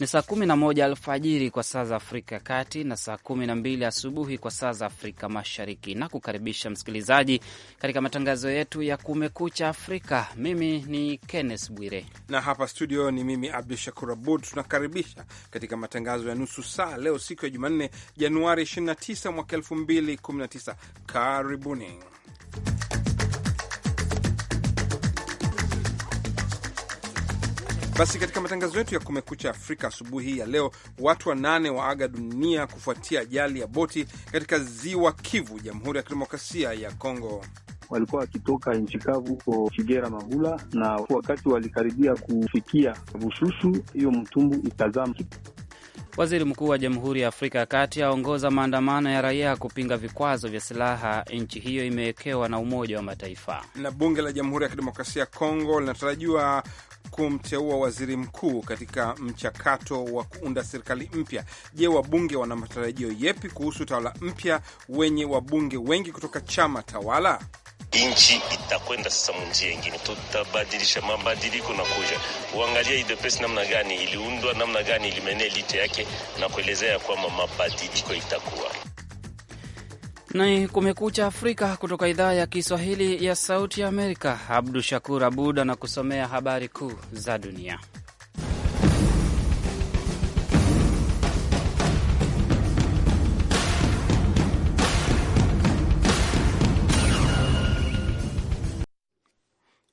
Ni saa 11 alfajiri kwa saa za Afrika ya Kati na saa mbili asubuhi kwa saa za Afrika Mashariki, na kukaribisha msikilizaji katika matangazo yetu ya Kumekucha Afrika. Mimi ni Kenneth Bwire na hapa studio ni mimi Abdu Shakur Abud. Tunakaribisha katika matangazo ya nusu saa leo, siku ya Jumanne, Januari 29 mwaka 2019. Karibuni. Basi katika matangazo yetu ya Kumekucha Afrika asubuhi ya leo, watu wanane waaga dunia kufuatia ajali ya boti katika ziwa Kivu, Jamhuri ya Kidemokrasia ya Kongo. Walikuwa wakitoka nchi kavu huko Kigera Mangula, na wakati walikaribia kufikia Bushushu, hiyo mtumbu ikazama. Waziri Mkuu wa Jamhuri ya Afrika ya Kati aongoza maandamano ya raia kupinga vikwazo vya silaha nchi hiyo imewekewa na Umoja wa Mataifa. Na bunge la Jamhuri ya Kidemokrasia ya Kongo linatarajiwa kumteua waziri mkuu katika mchakato wa kuunda serikali mpya. Je, wabunge wana matarajio yepi kuhusu utawala mpya wenye wabunge wengi kutoka chama tawala? Nchi itakwenda sasa munjia ingine, tutabadilisha mabadiliko na kuja uangalia UDPS namna gani iliundwa, namna gani ilimenea lite yake na kuelezea kwamba mabadiliko itakuwa ni Kumekucha Afrika kutoka idhaa ya Kiswahili ya Sauti ya Amerika. Abdu Shakur Abud anakusomea habari kuu za dunia.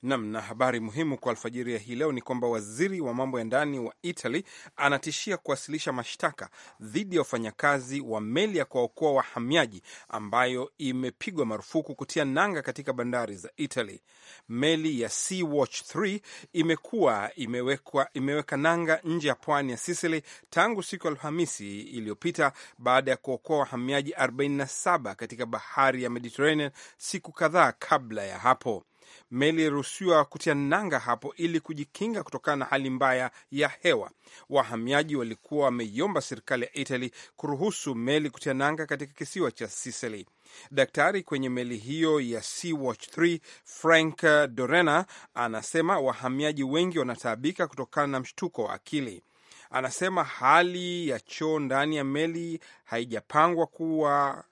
Nam na habari muhimu kwa alfajiri ya hii leo ni kwamba waziri wa mambo ya ndani wa Italy anatishia kuwasilisha mashtaka dhidi ya wafanyakazi wa meli ya kuwaokoa wahamiaji ambayo imepigwa marufuku kutia nanga katika bandari za Italy. Meli ya Sea Watch 3 imekuwa imewekwa, imeweka nanga nje ya pwani ya Sicily tangu siku ya Alhamisi iliyopita baada ya kuokoa wahamiaji 47 katika bahari ya Mediterranean siku kadhaa kabla ya hapo. Meli iliruhusiwa kutia nanga hapo ili kujikinga kutokana na hali mbaya ya hewa. Wahamiaji walikuwa wameiomba serikali ya Italy kuruhusu meli kutia nanga katika kisiwa cha Sicily. Daktari kwenye meli hiyo ya Sea-Watch 3 Frank Dorena anasema wahamiaji wengi wanataabika kutokana na mshtuko wa akili. Anasema hali ya choo ndani ya meli haijapangwa kuwa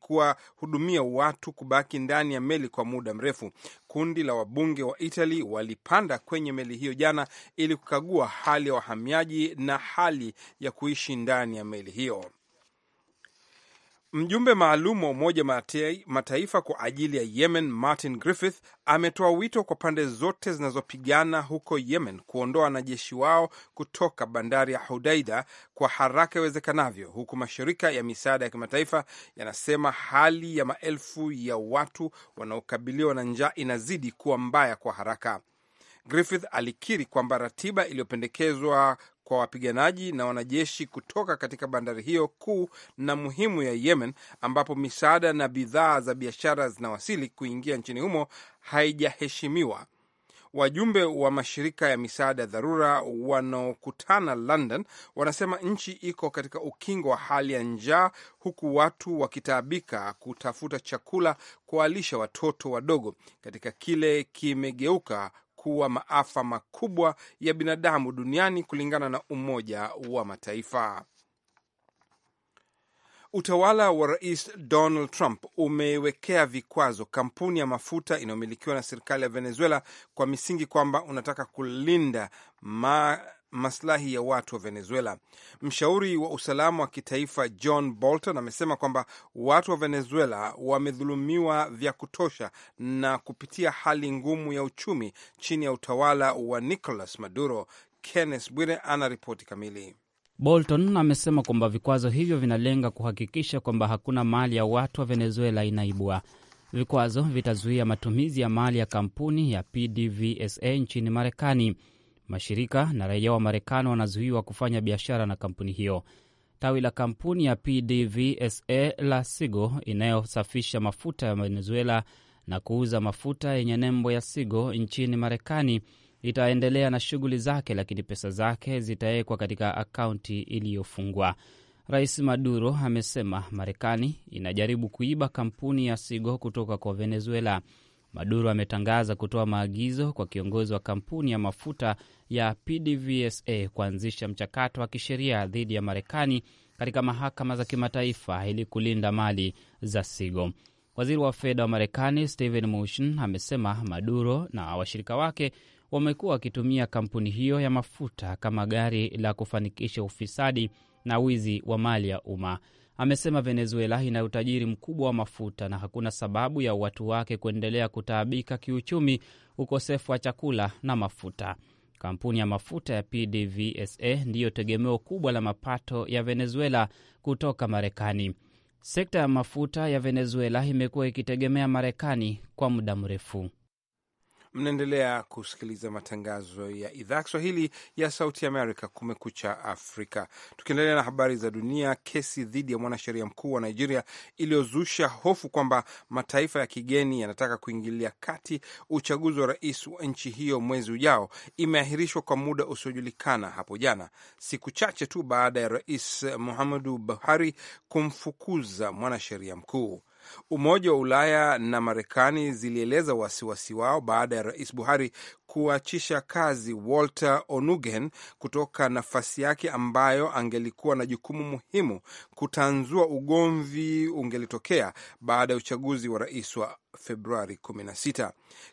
kuwahudumia watu kubaki ndani ya meli kwa muda mrefu. Kundi la wabunge wa itali walipanda kwenye meli hiyo jana ili kukagua hali ya wahamiaji na hali ya kuishi ndani ya meli hiyo. Mjumbe maalum wa Umoja Mataifa kwa ajili ya Yemen, Martin Griffith, ametoa wito kwa pande zote zinazopigana huko Yemen kuondoa wanajeshi wao kutoka bandari ya Hudaida kwa haraka iwezekanavyo, huku mashirika ya misaada ya kimataifa yanasema hali ya maelfu ya watu wanaokabiliwa na njaa inazidi kuwa mbaya kwa haraka. Griffith alikiri kwamba ratiba iliyopendekezwa kwa wapiganaji na wanajeshi kutoka katika bandari hiyo kuu na muhimu ya Yemen, ambapo misaada na bidhaa za biashara zinawasili kuingia nchini humo haijaheshimiwa. Wajumbe wa mashirika ya misaada ya dharura wanaokutana London wanasema nchi iko katika ukingo wa hali ya njaa, huku watu wakitaabika kutafuta chakula kuwalisha watoto wadogo katika kile kimegeuka kuwa maafa makubwa ya binadamu duniani kulingana na Umoja wa Mataifa. Utawala wa Rais Donald Trump umewekea vikwazo kampuni ya mafuta inayomilikiwa na serikali ya Venezuela kwa misingi kwamba unataka kulinda ma maslahi ya watu wa Venezuela. Mshauri wa usalama wa kitaifa John Bolton amesema kwamba watu wa Venezuela wamedhulumiwa vya kutosha na kupitia hali ngumu ya uchumi chini ya utawala wa Nicolas Maduro. Kenneth Bwire ana ripoti kamili. Bolton amesema kwamba vikwazo hivyo vinalenga kuhakikisha kwamba hakuna mali ya watu wa Venezuela inaibwa. Vikwazo vitazuia matumizi ya mali ya kampuni ya PDVSA nchini Marekani Mashirika na raia wa Marekani wanazuiwa kufanya biashara na kampuni hiyo. Tawi la kampuni ya PDVSA la Sigo inayosafisha mafuta ya Venezuela na kuuza mafuta yenye nembo ya Sigo nchini Marekani itaendelea na shughuli zake, lakini pesa zake zitawekwa katika akaunti iliyofungwa. Rais Maduro amesema Marekani inajaribu kuiba kampuni ya Sigo kutoka kwa Venezuela. Maduro ametangaza kutoa maagizo kwa kiongozi wa kampuni ya mafuta ya PDVSA kuanzisha mchakato wa kisheria dhidi ya Marekani katika mahakama za kimataifa ili kulinda mali za Sigo. Waziri wa fedha wa Marekani Steven Mnuchin amesema Maduro na washirika wake wamekuwa wakitumia kampuni hiyo ya mafuta kama gari la kufanikisha ufisadi na wizi wa mali ya umma amesema Venezuela ina utajiri mkubwa wa mafuta na hakuna sababu ya watu wake kuendelea kutaabika kiuchumi, ukosefu wa chakula na mafuta. Kampuni ya mafuta ya PDVSA ndiyo tegemeo kubwa la mapato ya Venezuela kutoka Marekani. Sekta ya mafuta ya Venezuela imekuwa ikitegemea Marekani kwa muda mrefu. Mnaendelea kusikiliza matangazo ya idhaa Kiswahili ya Sauti Amerika, Kumekucha Afrika. Tukiendelea na habari za dunia, kesi dhidi ya mwanasheria mkuu wa Nigeria iliyozusha hofu kwamba mataifa ya kigeni yanataka kuingilia kati uchaguzi wa rais wa nchi hiyo mwezi ujao imeahirishwa kwa muda usiojulikana hapo jana, siku chache tu baada ya Rais Muhammadu Buhari kumfukuza mwanasheria mkuu. Umoja wa Ulaya na Marekani zilieleza wasiwasi wao baada ya Rais Buhari kuachisha kazi Walter Onugen kutoka nafasi yake ambayo angelikuwa na jukumu muhimu kutanzua ugomvi ungelitokea baada ya uchaguzi wa rais wa Februari 16.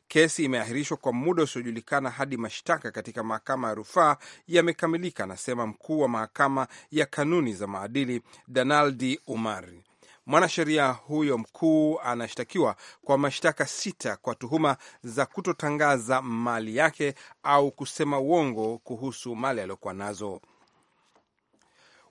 Kesi imeahirishwa kwa muda usiojulikana hadi mashtaka katika mahakama ya rufaa yamekamilika, anasema mkuu wa mahakama ya kanuni za maadili Danaldi Umari. Mwanasheria huyo mkuu anashtakiwa kwa mashtaka sita kwa tuhuma za kutotangaza mali yake au kusema uongo kuhusu mali aliyokuwa nazo.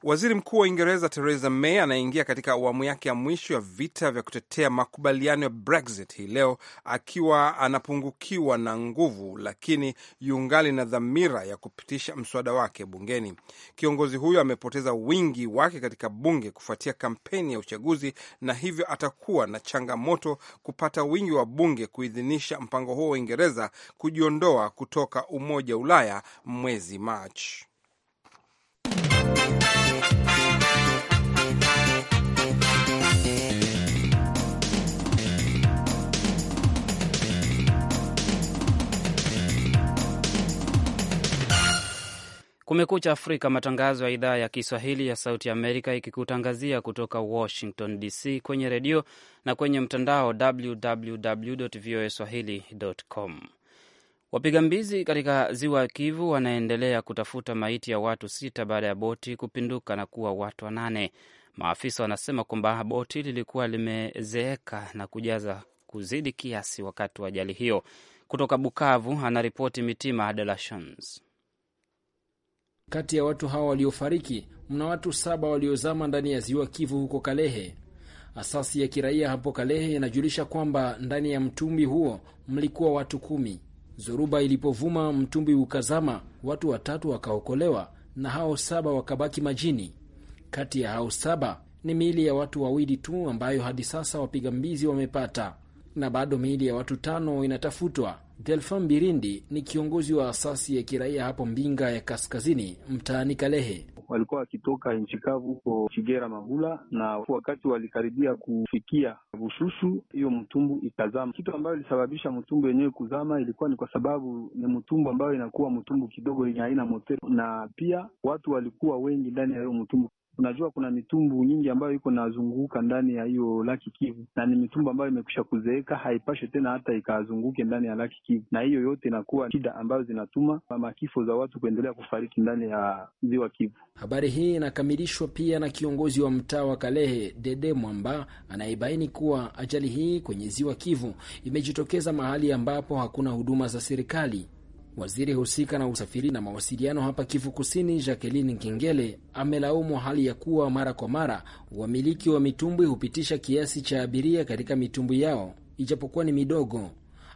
Waziri Mkuu wa Uingereza Theresa May anaingia katika awamu yake ya mwisho ya vita vya kutetea makubaliano ya Brexit hii leo akiwa anapungukiwa na nguvu, lakini yungali na dhamira ya kupitisha mswada wake bungeni. Kiongozi huyo amepoteza wingi wake katika bunge kufuatia kampeni ya uchaguzi, na hivyo atakuwa na changamoto kupata wingi wa bunge kuidhinisha mpango huo wa Uingereza kujiondoa kutoka Umoja wa Ulaya mwezi Machi. Kumekucha Afrika, matangazo ya idhaa ya Kiswahili ya Sauti Amerika, ikikutangazia kutoka Washington DC, kwenye redio na kwenye mtandao www voa swahili.com. Wapiga mbizi katika ziwa Kivu wanaendelea kutafuta maiti ya watu sita baada ya boti kupinduka na kuwa watu wanane. Maafisa wanasema kwamba boti lilikuwa limezeeka na kujaza kuzidi kiasi wakati wa ajali hiyo. Kutoka Bukavu anaripoti Mitima Adelashons. Kati ya watu hawa waliofariki mna watu saba waliozama ndani ya ziwa Kivu huko Kalehe. Asasi ya kiraia hapo Kalehe inajulisha kwamba ndani ya mtumbi huo mlikuwa watu kumi. Zoruba ilipovuma, mtumbi ukazama, watu watatu wakaokolewa na hao saba wakabaki majini. Kati ya hao saba ni miili ya watu wawili tu ambayo hadi sasa wapiga mbizi wamepata, na bado miili ya watu tano inatafutwa. Delfan Birindi ni kiongozi wa asasi ya kiraia hapo Mbinga ya Kaskazini, mtaani Kalehe. Walikuwa wakitoka nchi kavu huko Kigera Mabula, na wakati walikaribia kufikia Bushushu, hiyo mtumbu ikazama. Kitu ambayo ilisababisha mtumbu yenyewe kuzama ilikuwa ni kwa sababu ni mtumbu ambayo inakuwa mtumbu kidogo yenye haina motero, na pia watu walikuwa wengi ndani ya hiyo mtumbu. Unajua kuna mitumbu nyingi ambayo iko nazunguka ndani ya hiyo laki Kivu, na ni mitumbu ambayo imekwisha kuzeeka, haipashe tena hata ikazunguke ndani ya laki Kivu, na hiyo yote inakuwa shida ambayo zinatuma makifo za watu kuendelea kufariki ndani ya ziwa Kivu. Habari hii inakamilishwa pia na kiongozi wa mtaa wa Kalehe Dede Mwamba anayebaini kuwa ajali hii kwenye ziwa Kivu imejitokeza mahali ambapo hakuna huduma za serikali Waziri husika na usafiri na mawasiliano hapa Kivu Kusini, Jacqueline Kingele, amelaumu hali ya kuwa mara kwa mara wamiliki wa mitumbwi hupitisha kiasi cha abiria katika mitumbwi yao ijapokuwa ni midogo.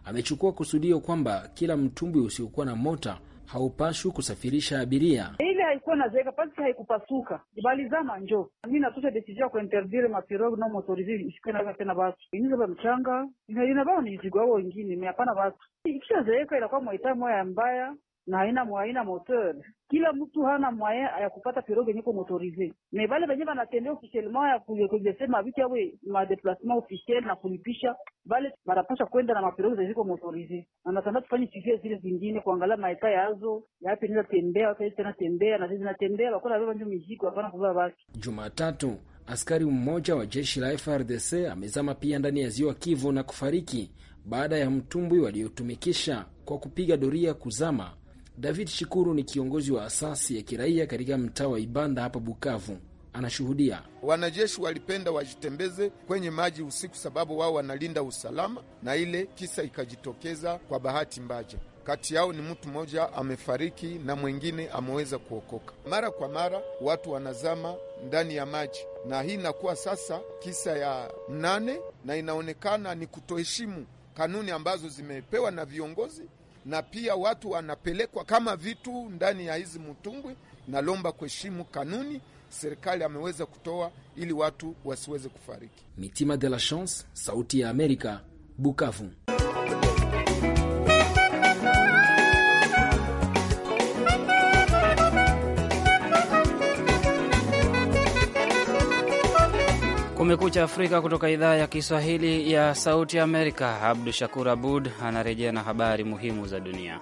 Amechukua kusudio kwamba kila mtumbwi usiokuwa na mota haupashwi kusafirisha abiria haikuwa nazeeka pasi haikupasuka ibalizama njo mi natosha desizio ya kuinterdire mapirogue na motorize isikuwe naza tena batu inizaba mchanga inabao ni zigo ao wengine mehapana batu ikishazeeka inakuwa mwaita moya mbaya na haina haina moteur. Kila mtu hana mwaya ya kupata pirogue nyiko motorize, me bale benye banatembea officiellement ya kujesema viki awe madeplasement officiel na kulipisha, bale banapasha kwenda na mapirogue zenye motorize, na natanda tufanye tuvie zile zingine kuangalia maepa yazo yapi niza tembea watu tena tembea na zinatembea bakona beba ndio mizigo hapana kubeba baki. Jumatatu askari mmoja wa jeshi la FRDC amezama pia ndani ya ziwa Kivu na kufariki baada ya mtumbwi waliotumikisha kwa kupiga doria kuzama David Shikuru ni kiongozi wa asasi ya kiraia katika mtaa wa Ibanda hapa Bukavu. Anashuhudia wanajeshi walipenda wajitembeze kwenye maji usiku, sababu wao wanalinda usalama, na ile kisa ikajitokeza kwa bahati mbaja kati yao ni mtu mmoja amefariki na mwengine ameweza kuokoka. Mara kwa mara watu wanazama ndani ya maji, na hii inakuwa sasa kisa ya mnane na inaonekana ni kutoheshimu kanuni ambazo zimepewa na viongozi na pia watu wanapelekwa kama vitu ndani ya hizi mtumbwi. Nalomba kuheshimu kanuni serikali ameweza kutoa ili watu wasiweze kufariki. Mitima de la Chance, Sauti ya Amerika, Bukavu. Kumekucha Afrika kutoka idhaa ya Kiswahili ya Sauti Amerika. Abdu Shakur Abud anarejea na habari muhimu za dunia.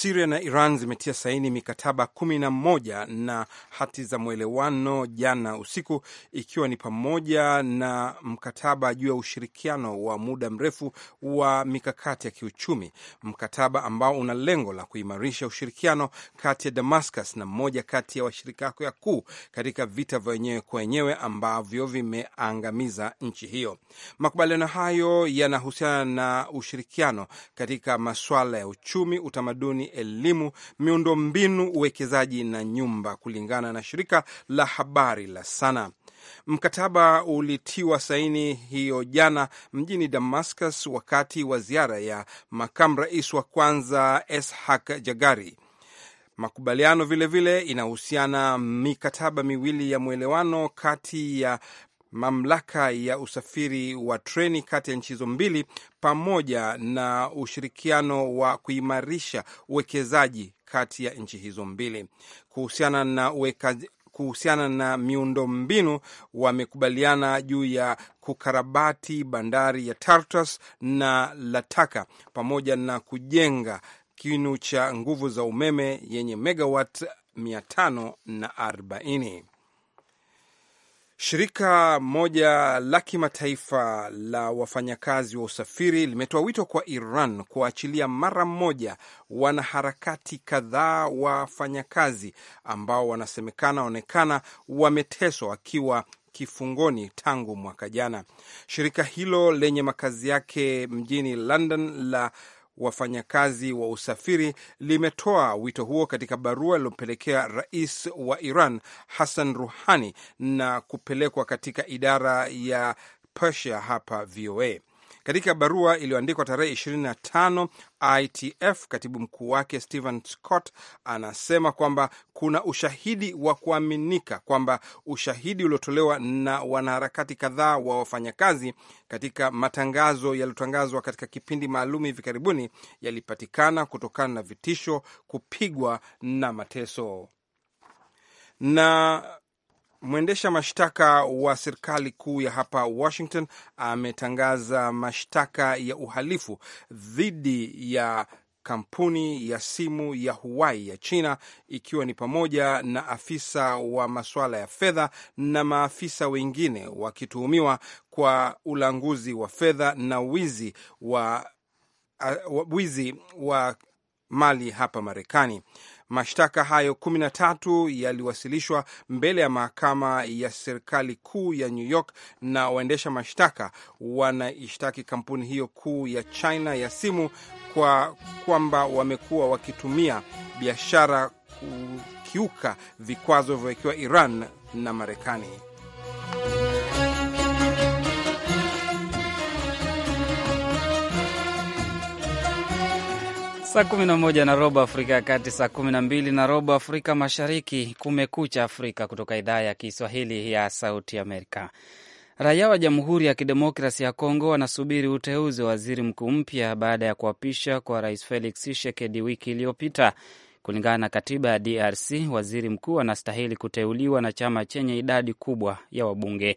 Siria na Iran zimetia saini mikataba kumi na moja na hati za mwelewano jana usiku, ikiwa ni pamoja na mkataba juu ya ushirikiano wa muda mrefu wa mikakati ya kiuchumi, mkataba ambao una lengo la kuimarisha ushirikiano kati ya Damascus na mmoja kati ya washirika wake wakuu katika vita vya wenyewe kwa wenyewe ambavyo vimeangamiza nchi hiyo. Makubaliano hayo yanahusiana na ushirikiano katika masuala ya uchumi, utamaduni elimu, miundombinu, uwekezaji na nyumba, kulingana na shirika la habari la Sana. Mkataba ulitiwa saini hiyo jana mjini Damascus wakati wa ziara ya makamu rais wa kwanza Eshak Jagari. Makubaliano vilevile vile inahusiana mikataba miwili ya mwelewano kati ya mamlaka ya usafiri wa treni kati ya nchi hizo mbili pamoja na ushirikiano wa kuimarisha uwekezaji kati ya nchi hizo mbili kuhusiana na uweka kuhusiana na mbinu wamekubaliana juu ya kukarabati bandari ya Tartus na Lataka pamoja na kujenga kinu cha nguvu za umeme yenye na 540. Shirika moja la kimataifa la wafanyakazi wa usafiri limetoa wito kwa Iran kuwaachilia mara moja wanaharakati kadhaa wafanyakazi ambao wanasemekana onekana wameteswa wakiwa kifungoni tangu mwaka jana. Shirika hilo lenye makazi yake mjini London la wafanyakazi wa usafiri limetoa wito huo katika barua iliyopelekea rais wa Iran Hassan Ruhani na kupelekwa katika idara ya Persia hapa VOA. Katika barua iliyoandikwa tarehe 25, ITF katibu mkuu wake Stephen Scott anasema kwamba kuna ushahidi wa kuaminika kwamba ushahidi uliotolewa na wanaharakati kadhaa wa wafanyakazi katika matangazo yaliyotangazwa katika kipindi maalum hivi karibuni yalipatikana kutokana na vitisho, kupigwa na mateso na Mwendesha mashtaka wa serikali kuu ya hapa Washington ametangaza mashtaka ya uhalifu dhidi ya kampuni ya simu ya Huawei ya China ikiwa ni pamoja na afisa wa masuala ya fedha na maafisa wengine wakituhumiwa kwa ulanguzi wa fedha na wizi wa, uh, wizi wa mali hapa Marekani. Mashtaka hayo kumi na tatu yaliwasilishwa mbele ya mahakama ya serikali kuu ya New York, na waendesha mashtaka wanaishtaki kampuni hiyo kuu ya China ya simu kwa kwamba wamekuwa wakitumia biashara kukiuka vikwazo vyowekiwa Iran na Marekani. Saa 11 na robo Afrika ya Kati, saa 12 na robo Afrika Mashariki. Kumekucha Afrika kutoka idhaa ya Kiswahili ya Sauti Amerika. Raia wa Jamhuri ya Kidemokrasi ya Kongo wanasubiri uteuzi wa waziri mkuu mpya baada ya kuapisha kwa Rais Felix Tshisekedi wiki iliyopita. Kulingana na katiba ya DRC, waziri mkuu anastahili kuteuliwa na chama chenye idadi kubwa ya wabunge.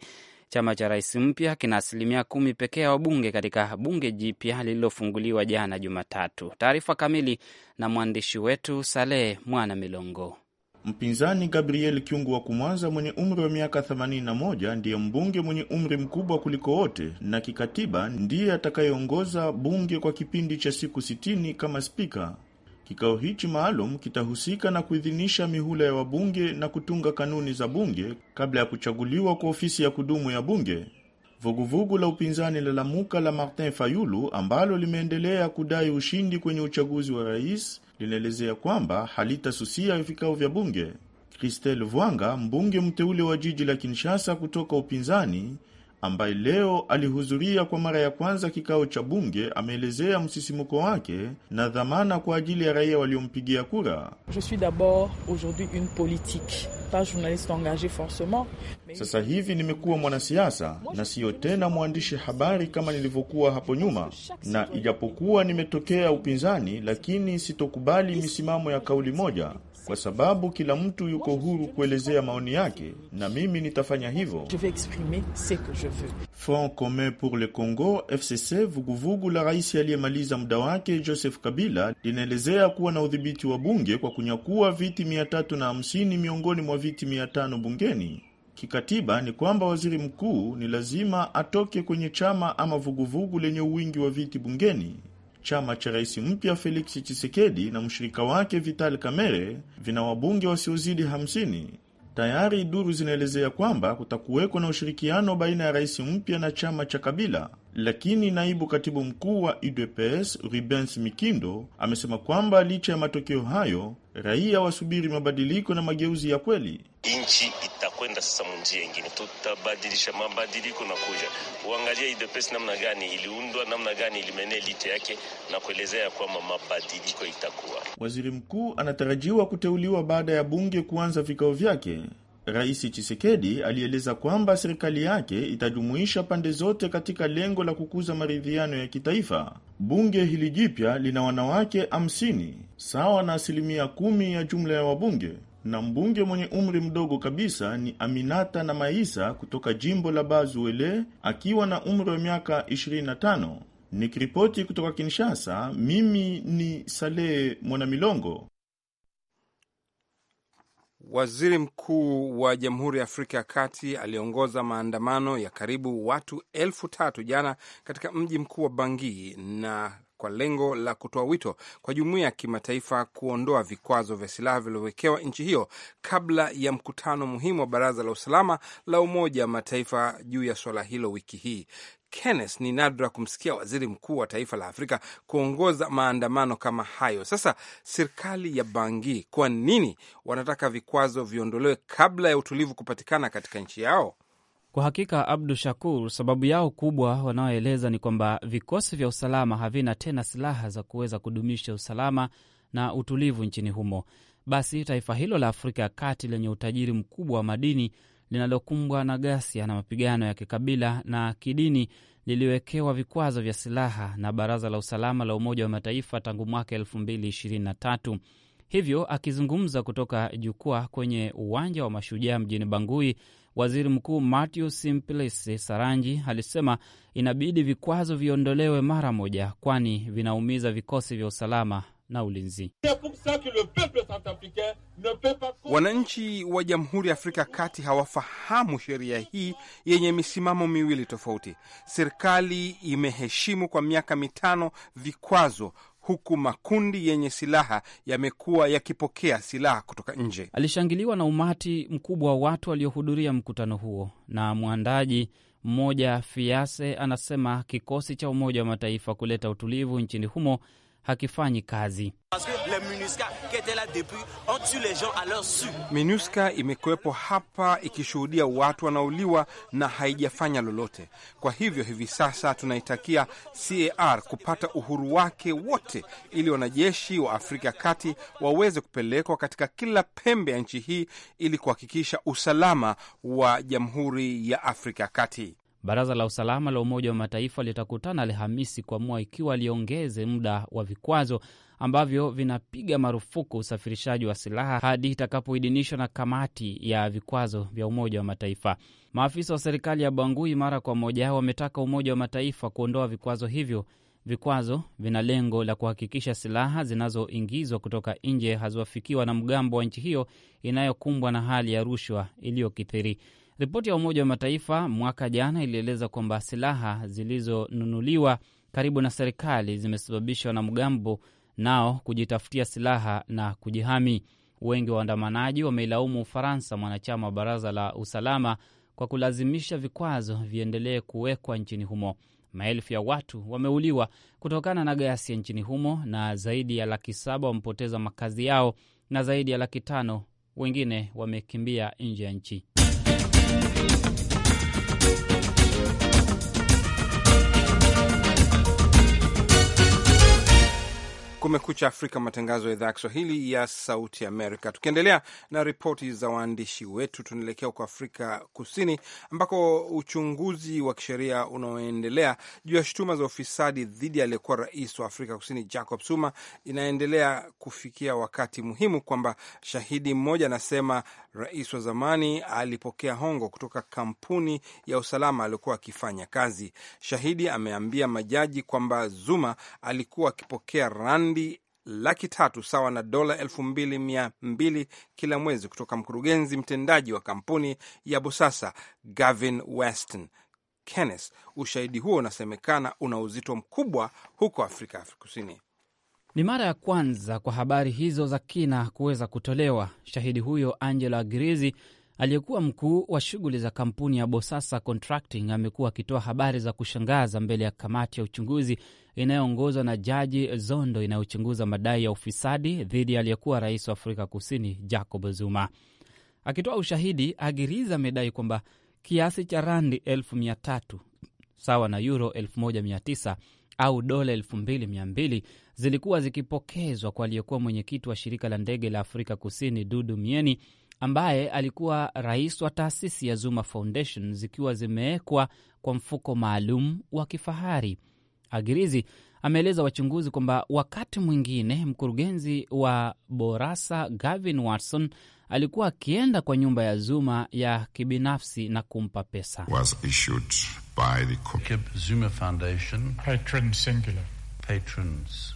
Chama cha rais mpya kina asilimia kumi pekee ya wabunge katika bunge jipya lililofunguliwa jana Jumatatu. Taarifa kamili na mwandishi wetu Saleh Mwana Milongo. Mpinzani Gabriel Kyungu wa Kumwanza mwenye umri wa miaka 81 ndiye mbunge mwenye umri mkubwa kuliko wote na kikatiba ndiye atakayeongoza bunge kwa kipindi cha siku 60 kama spika Kikao hichi maalum kitahusika na kuidhinisha mihula ya wabunge na kutunga kanuni za bunge kabla ya kuchaguliwa kwa ofisi ya kudumu ya bunge. Vuguvugu vugu la upinzani la Lamuka la Martin Fayulu ambalo limeendelea kudai ushindi kwenye uchaguzi wa rais linaelezea kwamba halitasusia vikao vya bunge. Christel Vwanga, mbunge mteule wa jiji la Kinshasa kutoka upinzani, ambaye leo alihudhuria kwa mara ya kwanza kikao cha bunge ameelezea msisimuko wake na dhamana kwa ajili ya raia waliompigia kura. Je suis d'abord aujourd'hui une politique sasa hivi nimekuwa mwanasiasa na siyo tena mwandishi habari kama nilivyokuwa hapo nyuma, na ijapokuwa nimetokea upinzani, lakini sitokubali misimamo ya kauli moja kwa sababu kila mtu yuko huru kuelezea maoni yake, na mimi nitafanya hivyo. Front Commun pour le Congo, FCC, vuguvugu la rais aliyemaliza muda wake Joseph Kabila, linaelezea kuwa na udhibiti wa bunge kwa kunyakua viti 350 miongoni mwa viti 500 bungeni. Kikatiba ni kwamba waziri mkuu ni lazima atoke kwenye chama ama vuguvugu lenye uwingi wa viti bungeni. Chama cha rais mpya Felix chisekedi na mshirika wake Vital Kamerhe vina wabunge wasiozidi 50. Tayari duru zinaelezea kwamba kutakuweko na ushirikiano baina ya rais mpya na chama cha Kabila, lakini naibu katibu mkuu wa UDPS Rubens Mikindo amesema kwamba licha ya matokeo hayo, raia wasubiri mabadiliko na mageuzi ya kweli. Nchi itakwenda sasa munjia ingine, tutabadilisha mabadiliko na kuja uangalia idepesi namna gani iliundwa, namna gani ilimenea lite yake na kuelezea kwamba mabadiliko itakuwa. Waziri mkuu anatarajiwa kuteuliwa baada ya bunge kuanza vikao vyake. Rais Chisekedi alieleza kwamba serikali yake itajumuisha pande zote katika lengo la kukuza maridhiano ya kitaifa. Bunge hili jipya lina wanawake 50 sawa na asilimia kumi ya jumla ya wabunge na mbunge mwenye umri mdogo kabisa ni Aminata na Maisa kutoka jimbo la Bazuele akiwa na umri wa miaka 25. Nikiripoti kutoka Kinshasa, mimi ni Saleh Mwanamilongo. Waziri mkuu wa Jamhuri ya Afrika ya Kati aliongoza maandamano ya karibu watu elfu tatu jana katika mji mkuu wa Bangui na kwa lengo la kutoa wito kwa jumuiya ya kimataifa kuondoa vikwazo vya silaha vilivyowekewa nchi hiyo kabla ya mkutano muhimu wa Baraza la Usalama la Umoja wa Mataifa juu ya suala hilo wiki hii. Kenneth, ni nadra kumsikia waziri mkuu wa taifa la Afrika kuongoza maandamano kama hayo. Sasa serikali ya Bangi, kwa nini wanataka vikwazo viondolewe kabla ya utulivu kupatikana katika nchi yao? Kwa hakika, Abdu Shakur, sababu yao kubwa wanaoeleza ni kwamba vikosi vya usalama havina tena silaha za kuweza kudumisha usalama na utulivu nchini humo. Basi taifa hilo la Afrika ya Kati lenye utajiri mkubwa wa madini linalokumbwa na ghasia na mapigano ya kikabila na kidini liliwekewa vikwazo vya silaha na Baraza la Usalama la Umoja wa Mataifa tangu mwaka 2023. Hivyo akizungumza kutoka jukwaa kwenye uwanja wa Mashujaa mjini Bangui, Waziri Mkuu Mathew simplis Saranji alisema inabidi vikwazo viondolewe mara moja, kwani vinaumiza vikosi vya usalama na ulinzi. Wananchi wa Jamhuri ya Afrika Kati hawafahamu sheria hii yenye misimamo miwili tofauti. Serikali imeheshimu kwa miaka mitano vikwazo huku makundi yenye silaha yamekuwa yakipokea silaha kutoka nje. Alishangiliwa na umati mkubwa wa watu waliohudhuria mkutano huo, na mwandaji mmoja Fiase anasema kikosi cha Umoja wa Mataifa kuleta utulivu nchini humo hakifanyi kazi. minuska imekuwepo hapa ikishuhudia watu wanauliwa na haijafanya lolote. Kwa hivyo hivi sasa tunaitakia CAR kupata uhuru wake wote, ili wanajeshi wa Afrika ya Kati waweze kupelekwa katika kila pembe ya nchi hii ili kuhakikisha usalama wa Jamhuri ya Afrika ya Kati. Baraza la usalama la Umoja wa Mataifa litakutana Alhamisi kuamua ikiwa liongeze muda wa vikwazo ambavyo vinapiga marufuku usafirishaji wa silaha hadi itakapoidhinishwa na kamati ya vikwazo vya Umoja wa Mataifa. Maafisa wa serikali ya Bangui mara kwa moja wametaka Umoja wa Mataifa kuondoa vikwazo hivyo. Vikwazo vina lengo la kuhakikisha silaha zinazoingizwa kutoka nje haziwafikiwa na mgambo wa nchi hiyo inayokumbwa na hali ya rushwa iliyokithiri. Ripoti ya Umoja wa Mataifa mwaka jana ilieleza kwamba silaha zilizonunuliwa karibu na serikali zimesababisha wanamgambo nao kujitafutia silaha na kujihami. Wengi wa waandamanaji wameilaumu Ufaransa, mwanachama wa Baraza la Usalama, kwa kulazimisha vikwazo viendelee kuwekwa nchini humo. Maelfu ya watu wameuliwa kutokana na ghasia nchini humo na zaidi ya laki saba wamepoteza makazi yao na zaidi ya laki tano wengine wamekimbia nje ya nchi. Kumekucha Afrika, matangazo ya idhaa ya Kiswahili ya Sauti Amerika. Tukiendelea na ripoti za waandishi wetu, tunaelekea huko Afrika Kusini ambako uchunguzi wa kisheria unaoendelea juu ya shutuma za ufisadi dhidi ya aliyekuwa rais wa Afrika Kusini Jacob Zuma inaendelea kufikia wakati muhimu, kwamba shahidi mmoja anasema rais wa zamani alipokea hongo kutoka kampuni ya usalama aliyokuwa akifanya kazi. Shahidi ameambia majaji kwamba Zuma alikuwa akipokea randi laki tatu sawa na dola elfu mbili mia mbili kila mwezi kutoka mkurugenzi mtendaji wa kampuni ya Bosasa Gavin Weston. Kenneth, ushahidi huo unasemekana una uzito mkubwa huko Afrika Kusini. Ni mara ya kwanza kwa habari hizo za kina kuweza kutolewa. Shahidi huyo Angelo Agirizi aliyekuwa mkuu wa shughuli za kampuni ya Bosasa Contracting amekuwa akitoa habari za kushangaza mbele ya kamati ya uchunguzi inayoongozwa na Jaji Zondo inayochunguza madai ya ufisadi dhidi ya aliyekuwa rais wa Afrika Kusini Jacob Zuma. Akitoa ushahidi, Agirizi amedai kwamba kiasi cha randi elfu mia tatu sawa na yuro elfu moja mia tisa au dola elfu mbili mia mbili zilikuwa zikipokezwa kwa aliyekuwa mwenyekiti wa shirika la ndege la Afrika Kusini Dudu Mieni ambaye alikuwa rais wa taasisi ya Zuma Foundation zikiwa zimewekwa kwa mfuko maalum wa kifahari. Agirizi ameeleza wachunguzi kwamba wakati mwingine mkurugenzi wa Borasa Gavin Watson alikuwa akienda kwa nyumba ya Zuma ya kibinafsi na kumpa pesa. Zuma Foundation singular patrons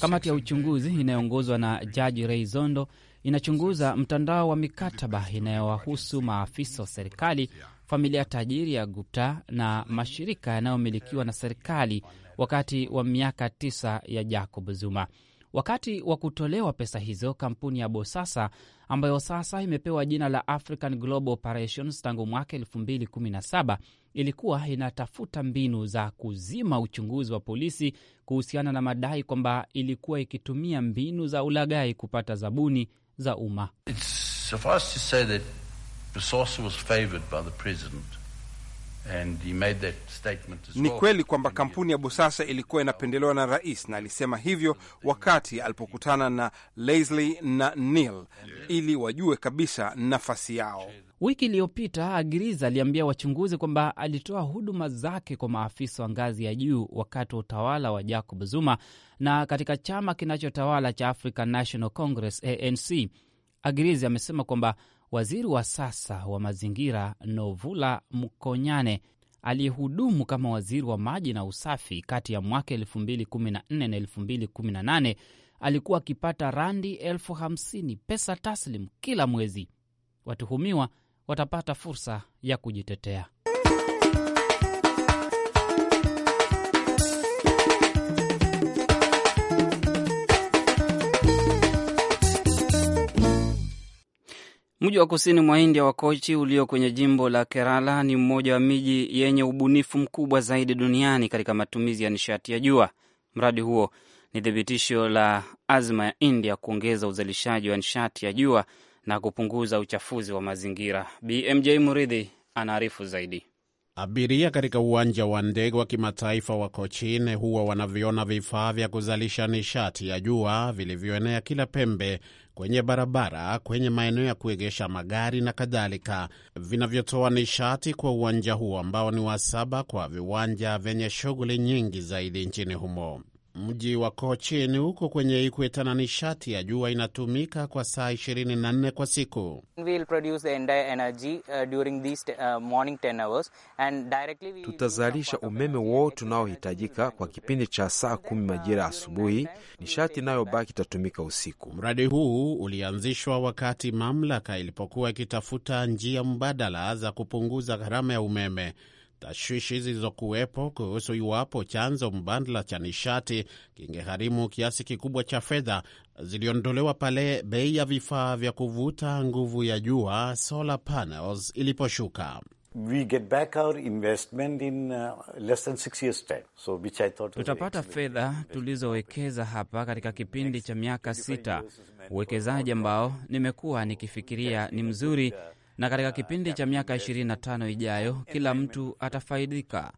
Kamati ya uchunguzi inayoongozwa na Jaji Ray Zondo inachunguza mtandao wa mikataba inayowahusu maafisa wa serikali, familia tajiri ya Gupta na mashirika yanayomilikiwa na serikali wakati wa miaka tisa ya Jacob Zuma. Wakati wa kutolewa pesa hizo, kampuni ya Bosasa ambayo sasa imepewa jina la African Global Operations tangu mwaka 2017 ilikuwa inatafuta mbinu za kuzima uchunguzi wa polisi kuhusiana na madai kwamba ilikuwa ikitumia mbinu za ulaghai kupata zabuni za umma. And he made that statement as well. Ni kweli kwamba kampuni ya Bosasa ilikuwa inapendelewa na rais, na alisema hivyo wakati alipokutana na Leslie na Neil ili wajue kabisa nafasi yao. Wiki iliyopita Agiriza aliambia wachunguzi kwamba alitoa huduma zake kwa maafisa wa ngazi ya juu wakati wa utawala wa Jacob Zuma na katika chama kinachotawala cha African National Congress ANC. Agiriza amesema kwamba Waziri wa sasa wa mazingira Novula Mkonyane aliyehudumu kama waziri wa maji na usafi kati ya mwaka 2014 na 2018 alikuwa akipata randi elfu hamsini pesa taslim kila mwezi. Watuhumiwa watapata fursa ya kujitetea. Mji wa kusini mwa India wa Kochi ulio kwenye jimbo la Kerala ni mmoja wa miji yenye ubunifu mkubwa zaidi duniani katika matumizi ya nishati ya jua. Mradi huo ni thibitisho la azma ya India kuongeza uzalishaji wa nishati ya jua na kupunguza uchafuzi wa mazingira. BMJ Muridhi anaarifu zaidi. Abiria katika uwanja wa ndege wa kimataifa wa Cochin huwa wanaviona vifaa vya kuzalisha nishati ya jua vilivyoenea kila pembe kwenye barabara, kwenye maeneo ya kuegesha magari na kadhalika, vinavyotoa nishati kwa uwanja huo ambao ni wa saba kwa viwanja vyenye shughuli nyingi zaidi nchini humo mji wa Kochin huko kwenye ikweta na nishati ya jua inatumika kwa saa 24 kwa siku. Uh, uh, Tutazalisha umeme wote unaohitajika kwa kipindi cha saa kumi majira asubuhi. Nishati inayobaki itatumika usiku. Mradi huu ulianzishwa wakati mamlaka ilipokuwa ikitafuta njia mbadala za kupunguza gharama ya umeme tashwishi zilizokuwepo kuhusu iwapo chanzo mbadala cha nishati kingegharimu kiasi kikubwa cha fedha ziliondolewa pale bei ya vifaa vya kuvuta nguvu ya jua solar panels iliposhuka. Uh, Tutapata fedha tulizowekeza hapa katika kipindi cha miaka sita, uwekezaji ambao nimekuwa nikifikiria ni mzuri na katika kipindi cha miaka 25 ijayo kila mtu atafaidika.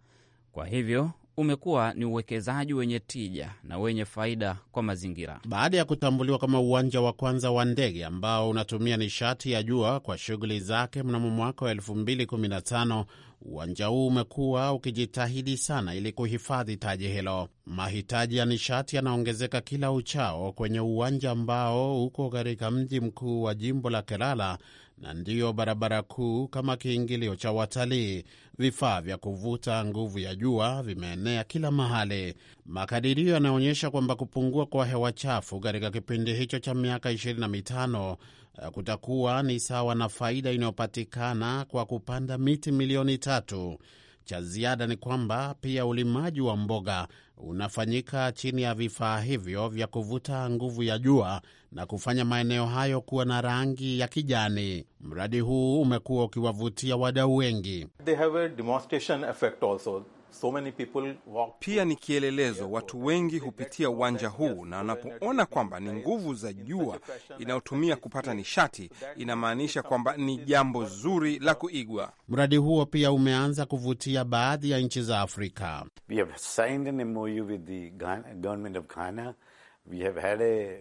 Kwa hivyo umekuwa ni uwekezaji wenye tija na wenye faida kwa mazingira. Baada ya kutambuliwa kama uwanja wa kwanza wa ndege ambao unatumia nishati ya jua kwa shughuli zake mnamo mwaka wa 2015 Uwanja huu umekuwa ukijitahidi sana ili kuhifadhi taji hilo. Mahitaji ya nishati yanaongezeka kila uchao kwenye uwanja ambao uko katika mji mkuu wa jimbo la Kerala na ndiyo barabara kuu kama kiingilio cha watalii. Vifaa vya kuvuta nguvu ya jua vimeenea kila mahali. Makadirio yanaonyesha kwamba kupungua kwa hewa chafu katika kipindi hicho cha miaka 25 Eh, kutakuwa ni sawa na faida inayopatikana kwa kupanda miti milioni tatu. Cha ziada ni kwamba pia ulimaji wa mboga unafanyika chini ya vifaa hivyo vya kuvuta nguvu ya jua na kufanya maeneo hayo kuwa na rangi ya kijani. Mradi huu umekuwa ukiwavutia wadau wengi. They have a demonstration effect also. So many people walk. Pia ni kielelezo, watu wengi hupitia uwanja huu, na wanapoona kwamba ni nguvu za jua inayotumia kupata nishati, inamaanisha kwamba ni jambo zuri la kuigwa. Mradi huo pia umeanza kuvutia baadhi ya nchi za Afrika.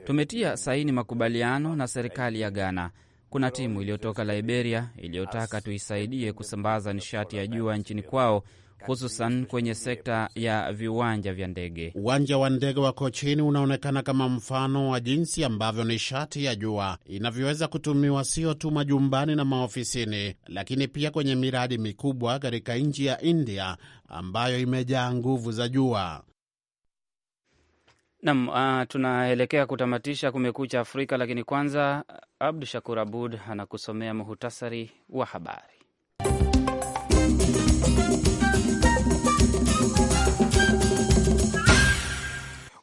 tumetia saini makubaliano na serikali ya Ghana. Kuna timu iliyotoka Liberia iliyotaka tuisaidie kusambaza nishati ya jua nchini kwao hususan kwenye sekta ya viwanja vya ndege. Uwanja wa ndege wa Kochini unaonekana kama mfano wa jinsi ambavyo nishati ya jua inavyoweza kutumiwa sio tu majumbani na maofisini, lakini pia kwenye miradi mikubwa katika nchi ya India ambayo imejaa nguvu za jua. Nam uh, tunaelekea kutamatisha Kumekucha Afrika, lakini kwanza uh, Abdu Shakur Abud anakusomea muhutasari wa habari.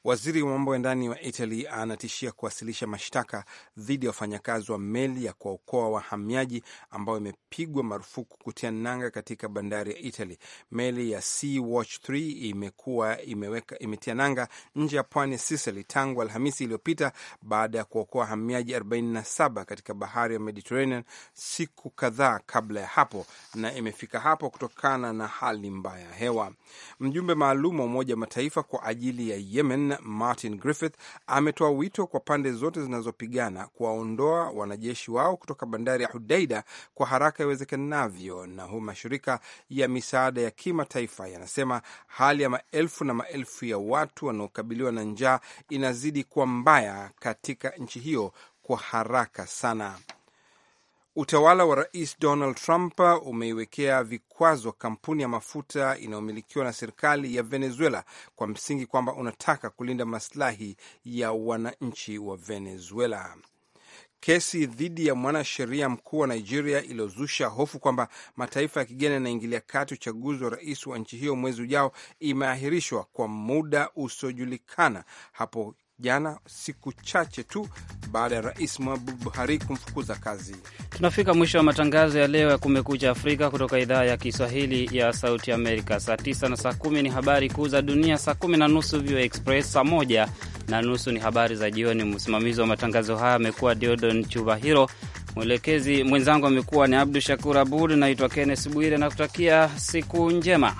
Waziri wa mambo ya ndani wa Italy anatishia kuwasilisha mashtaka dhidi ya wafanyakazi wa meli ya kuwaokoa wahamiaji ambayo imepigwa marufuku kutia nanga katika bandari ya Italy. Meli ya Sea Watch 3 imekuwa imeweka, imetia nanga nje ya pwani ya Sicily tangu Alhamisi iliyopita baada ya kuokoa wahamiaji 47 katika bahari ya Mediterranean siku kadhaa kabla ya hapo, na imefika hapo kutokana na hali mbaya ya hewa. Mjumbe maalum wa Umoja wa Mataifa kwa ajili ya Yemen Martin Griffith ametoa wito kwa pande zote zinazopigana kuwaondoa wanajeshi wao kutoka bandari ya Hudaida kwa haraka iwezekanavyo, na huu mashirika ya misaada ya kimataifa yanasema hali ya maelfu na maelfu ya watu wanaokabiliwa na njaa inazidi kuwa mbaya katika nchi hiyo kwa haraka sana. Utawala wa Rais Donald Trump umeiwekea vikwazo kampuni ya mafuta inayomilikiwa na serikali ya Venezuela kwa msingi kwamba unataka kulinda masilahi ya wananchi wa Venezuela. Kesi dhidi ya mwanasheria mkuu wa Nigeria iliyozusha hofu kwamba mataifa ya kigeni yanaingilia kati uchaguzi wa rais wa nchi hiyo mwezi ujao imeahirishwa kwa muda usiojulikana hapo jana, siku chache tu baada ya rais Muhammadu Buhari kumfukuza kazi. Tunafika mwisho wa matangazo ya leo ya Kumekucha Afrika kutoka idhaa ya Kiswahili ya Sauti Amerika. Saa 9 na saa kumi ni habari kuu za dunia, saa kumi na nusu VOA Express, saa moja na nusu ni habari za jioni. Msimamizi wa matangazo haya amekuwa Diodon Chubahiro, mwelekezi mwenzangu amekuwa ni Abdu Shakur Abud. Naitwa Kennes Bwire na kutakia siku njema.